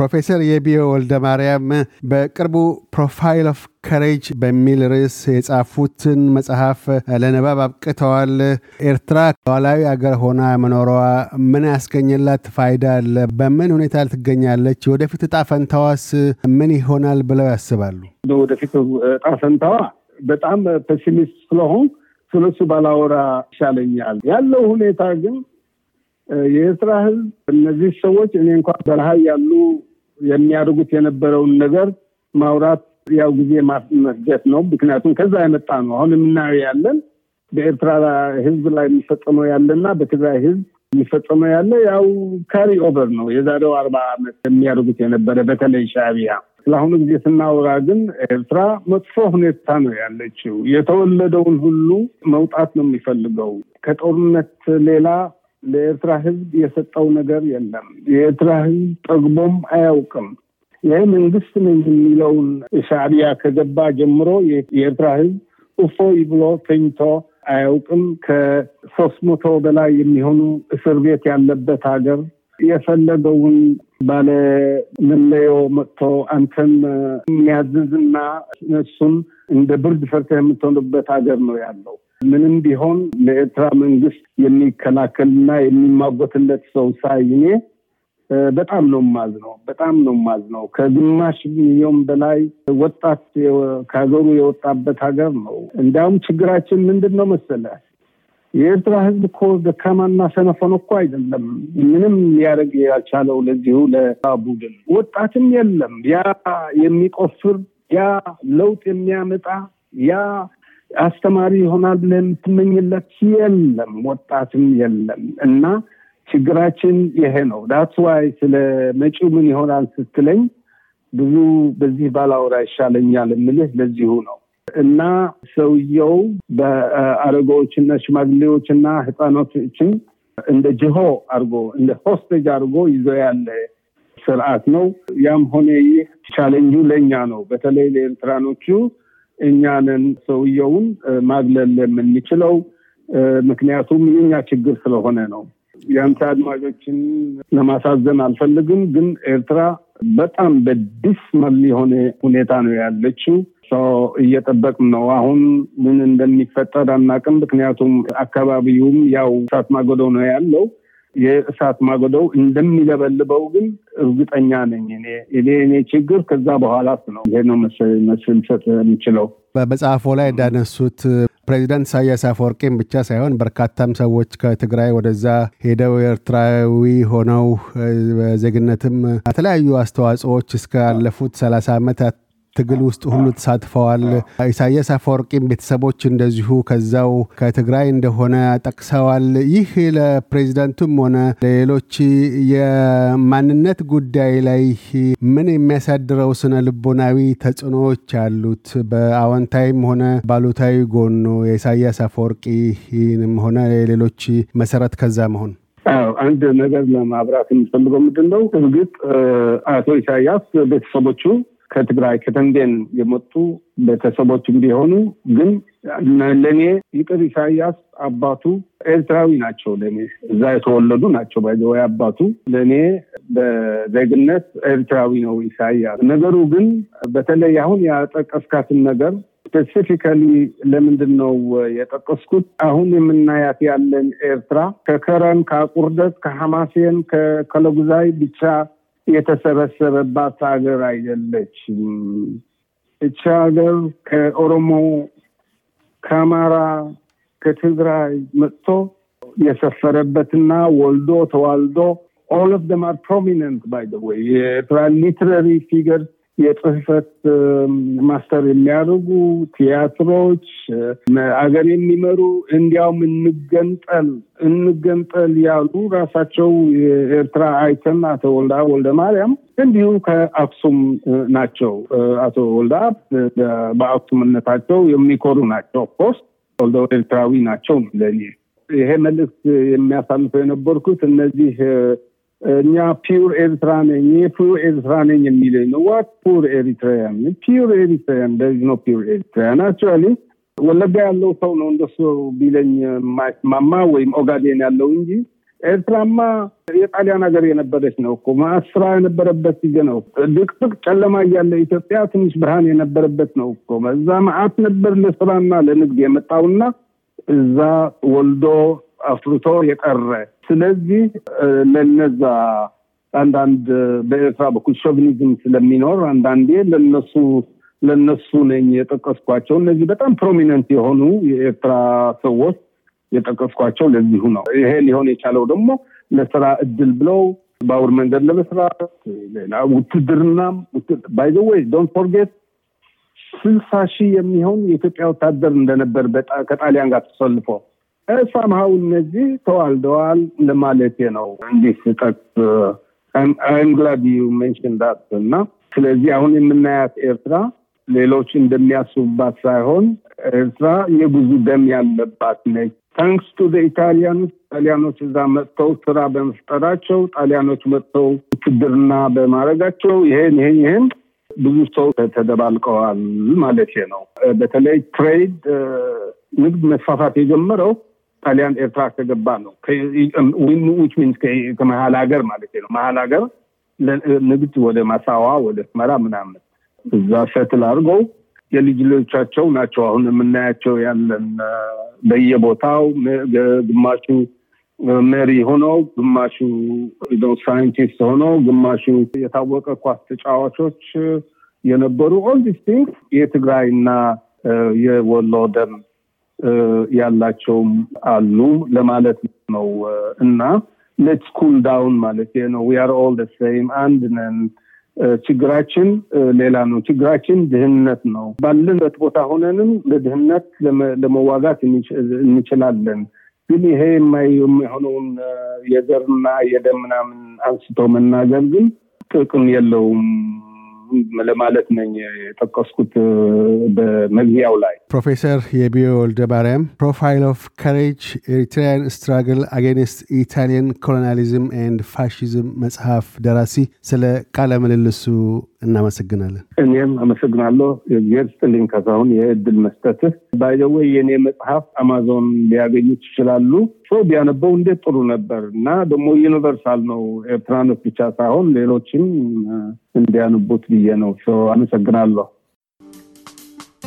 ፕሮፌሰር የቢዮ ወልደ ማርያም በቅርቡ ፕሮፋይል ኦፍ ከሬጅ በሚል ርዕስ የጻፉትን መጽሐፍ ለንባብ አብቅተዋል። ኤርትራ ሉዓላዊ አገር ሆና መኖሯ ምን ያስገኘላት ፋይዳ አለ? በምን ሁኔታ ትገኛለች? ወደፊት እጣ ፈንታዋስ ምን ይሆናል ብለው ያስባሉ? ወደፊት እጣ ፈንታዋ በጣም ፔሲሚስት ስለሆን ስለሱ ባላወራ ይሻለኛል። ያለው ሁኔታ ግን የኤርትራ ሕዝብ እነዚህ ሰዎች እኔ እንኳን በረሃ ያሉ የሚያደርጉት የነበረውን ነገር ማውራት ያው ጊዜ ማስመርጀት ነው። ምክንያቱም ከዛ የመጣ ነው አሁን የምናየው ያለን በኤርትራ ህዝብ ላይ የሚፈጸመው ያለና በትግራይ ህዝብ የሚፈጸመው ያለ ያው ካሪ ኦቨር ነው። የዛሬው አርባ ዓመት የሚያደርጉት የነበረ በተለይ ሻቢያ ስለአሁኑ ጊዜ ስናወራ ግን ኤርትራ መጥፎ ሁኔታ ነው ያለችው። የተወለደውን ሁሉ መውጣት ነው የሚፈልገው ከጦርነት ሌላ ለኤርትራ ህዝብ የሰጠው ነገር የለም። የኤርትራ ህዝብ ጠግቦም አያውቅም። ይህ መንግስት ነኝ የሚለውን ሻዕቢያ ከገባ ጀምሮ የኤርትራ ህዝብ እፎይ ብሎ ተኝቶ አያውቅም። ከሶስት መቶ በላይ የሚሆኑ እስር ቤት ያለበት ሀገር የፈለገውን ባለ መለዮ መጥቶ አንተን የሚያዝዝና እነሱም እንደ ብርድ ፈርተህ የምትሆንበት ሀገር ነው ያለው። ምንም ቢሆን ለኤርትራ መንግስት የሚከላከልና የሚማጎትለት ሰው ሳይ እኔ በጣም ነው ማዝ ነው በጣም ነው ማዝ ነው። ከግማሽ ሚሊዮን በላይ ወጣት ከሀገሩ የወጣበት ሀገር ነው። እንዲያውም ችግራችን ምንድን ነው መሰለ፣ የኤርትራ ህዝብ እኮ ደካማና ሰነፎን እኮ አይደለም። ምንም ሊያደርግ ያልቻለው ለዚሁ ለቡድን ወጣትም የለም። ያ የሚቆፍር ያ ለውጥ የሚያመጣ ያ አስተማሪ ይሆናል ብለን የምትመኝለት የለም፣ ወጣትም የለም እና ችግራችን ይሄ ነው። ዳትስ ዋይ ስለ መጪው ምን ይሆናል ስትለኝ ብዙ በዚህ ባላወራ ይሻለኛል የምልህ ለዚሁ ነው። እና ሰውየው በአረጋዎችና ሽማግሌዎችና ህፃናቶችን እንደ ጅሆ አርጎ እንደ ሆስቴጅ አድርጎ ይዞ ያለ ስርዓት ነው። ያም ሆነ ይህ ቻሌንጁ ለእኛ ነው። በተለይ ለኤርትራኖቹ እኛንን ሰውየውን ማግለል የምንችለው ምክንያቱም የኛ ችግር ስለሆነ ነው። የአንተ አድማጮችን ለማሳዘን አልፈልግም፣ ግን ኤርትራ በጣም በዲስመል የሆነ ሁኔታ ነው ያለችው። እየጠበቅ ነው። አሁን ምን እንደሚፈጠር አናቅም ምክንያቱም አካባቢውም ያው እሳት ማገዶ ነው ያለው። የእሳት ማገዶው እንደሚለበልበው ግን እርግጠኛ ነኝ እኔ እኔ እኔ ችግር ከዛ በኋላ ነው። ይሄ ነው መስልሰጥ የምችለው። በመጽሐፎ ላይ እንዳነሱት ፕሬዚዳንት ኢሳያስ አፈወርቂም ብቻ ሳይሆን በርካታም ሰዎች ከትግራይ ወደዛ ሄደው ኤርትራዊ ሆነው በዜግነትም የተለያዩ አስተዋጽኦዎች እስካለፉት ሰላሳ ዓመታት ትግል ውስጥ ሁሉ ተሳትፈዋል። ኢሳያስ አፈወርቂም ቤተሰቦች እንደዚሁ ከዛው ከትግራይ እንደሆነ ጠቅሰዋል። ይህ ለፕሬዚዳንቱም ሆነ ለሌሎች የማንነት ጉዳይ ላይ ምን የሚያሳድረው ስነ ልቦናዊ ተጽዕኖዎች አሉት? በአዎንታዊም ሆነ ባሉታዊ ጎኑ የኢሳያስ አፈወርቂም ሆነ የሌሎች መሰረት ከዛ መሆን አዎ አንድ ነገር ለማብራት የምፈልገው ምንድን ነው? እርግጥ አቶ ኢሳያስ ቤተሰቦቹ ከትግራይ ከተንቤን የመጡ ቤተሰቦችም ቢሆኑ ግን ለእኔ ይቅር ኢሳያስ አባቱ ኤርትራዊ ናቸው። ለእኔ እዛ የተወለዱ ናቸው። ባይዘወይ አባቱ ለእኔ በዜግነት ኤርትራዊ ነው ኢሳያስ። ነገሩ ግን በተለይ አሁን ያጠቀስካትን ነገር ስፔሲፊካሊ ለምንድን ነው የጠቀስኩት? አሁን የምናያት ያለን ኤርትራ ከከረን፣ ከአቁርደት፣ ከሐማሴን፣ ከከለጉዛይ ብቻ የተሰበሰበባት ሀገር አይደለችም። እቺ ሀገር ከኦሮሞ፣ ከአማራ፣ ከትግራይ መጥቶ የሰፈረበትና ወልዶ ተዋልዶ ኦል ኦፍ ደም አር ፕሮሚነንት ባይ ዘ ወይ ፊገርስ የጽህፈት ማስተር የሚያደርጉ ቲያትሮች፣ አገር የሚመሩ እንዲያውም እንገንጠል እንገንጠል ያሉ ራሳቸው የኤርትራ አይተን አቶ ወልዳ ወልደ ማርያም እንዲሁ ከአክሱም ናቸው። አቶ ወልዳ በአክሱምነታቸው የሚኮሩ ናቸው። ኦፍኮርስ ወልደው ኤርትራዊ ናቸው። ለኔ ይሄ መልእክት የሚያሳልፈው የነበርኩት እነዚህ እኛ ፒውር ኤርትራ ነኝ ፒውር ኤርትራ ነኝ የሚለኝ ነው። ዋት ፑር ኤሪትራያን ፒውር ኤሪትራያን ደዝ ኖ ፒውር ኤሪትራያን አክቹዋሊ ወለጋ ያለው ሰው ነው እንደሱ ቢለኝ ማማ ወይም ኦጋዴን ያለው እንጂ ኤርትራማ የጣሊያን ሀገር የነበረች ነው እኮ ማስራ የነበረበት ጊዜ ነው። ድቅድቅ ጨለማ እያለ ኢትዮጵያ ትንሽ ብርሃን የነበረበት ነው እኮ እዛ መዓት ነበር ለስራና ለንግድ የመጣውና እዛ ወልዶ አፍርቶ የቀረ ስለዚህ ለነዛ አንዳንድ በኤርትራ በኩል ሾቪኒዝም ስለሚኖር አንዳንዴ ለነሱ ለነሱ ነኝ የጠቀስኳቸው እነዚህ በጣም ፕሮሚነንት የሆኑ የኤርትራ ሰዎች የጠቀስኳቸው ለዚሁ ነው። ይሄ ሊሆን የቻለው ደግሞ ለስራ እድል ብለው ባቡር መንገድ ለመስራት ሌላ ውትድርና ባይዘወይ ዶንት ፎርጌት ስልሳ ሺህ የሚሆን የኢትዮጵያ ወታደር እንደነበር ከጣሊያን ጋር ተሰልፎ ሳምሃው እነዚህ ተዋልደዋል ለማለት ነው። እንዲህ ስጠት አንግላድ ዩ ሜንሽን ዳት እና ስለዚህ አሁን የምናያት ኤርትራ ሌሎች እንደሚያስቡባት ሳይሆን ኤርትራ የብዙ ደም ያለባት ነች። ታንክስ ቱ ኢታሊያኖች ጣሊያኖች እዛ መጥተው ስራ በመፍጠራቸው ጣሊያኖች መጥተው ውትድርና በማድረጋቸው ይሄን ይሄን ይሄን ብዙ ሰው ተደባልቀዋል ማለት ነው። በተለይ ትሬድ ንግድ መስፋፋት የጀመረው ጣሊያን ኤርትራ ከገባ ነው ዊች ሚንስ ከመሀል ሀገር ማለት ነው መሀል ሀገር ንግድ ወደ ማሳዋ ወደ ስመራ ምናምን እዛ ሰትል አድርገው የልጅ ልጆቻቸው ናቸው አሁን የምናያቸው ያለን በየቦታው ግማሹ መሪ ሆነው ግማሹ ሳይንቲስት ሆነው ግማሹ የታወቀ ኳስ ተጫዋቾች የነበሩ ኦል ዲስ ቲንግ የትግራይና የወሎ ደም ያላቸውም አሉ ለማለት ነው እና ሌትስ ኩል ዳውን ማለት ነው ዊ አር ኦል ሴም አንድ ነን ችግራችን ሌላ ነው ችግራችን ድህነት ነው ባለንበት ቦታ ሆነንም ለድህነት ለመዋጋት እንችላለን ግን ይሄ የማይሆነውን የዘርና የደምናምን አንስቶ መናገር ግን ጥቅም የለውም ለማለት ነኝ የጠቀስኩት በመግቢያው ላይ። ፕሮፌሰር የቢዮ ወልደ ማርያም ፕሮፋይል ኦፍ ካሬጅ ኤሪትሪያን ስትራግል አጌንስት ኢታሊያን ኮሎናሊዝም ኤንድ ፋሽዝም መጽሐፍ ደራሲ፣ ስለ ቃለ ምልልሱ እናመሰግናለን። እኔም አመሰግናለሁ። እግዚአብሔር ስጥልኝ ካሳሁን፣ የእድል መስጠትህ ባይዘወ የእኔ መጽሐፍ አማዞን ሊያገኙት ይችላሉ። ሰው ቢያነበው እንዴት ጥሩ ነበር እና ደግሞ ዩኒቨርሳል ነው ኤርትራኖች ብቻ ሳይሆን ሌሎችም እንዲያነቡት ብዬ ነው። አመሰግናለሁ።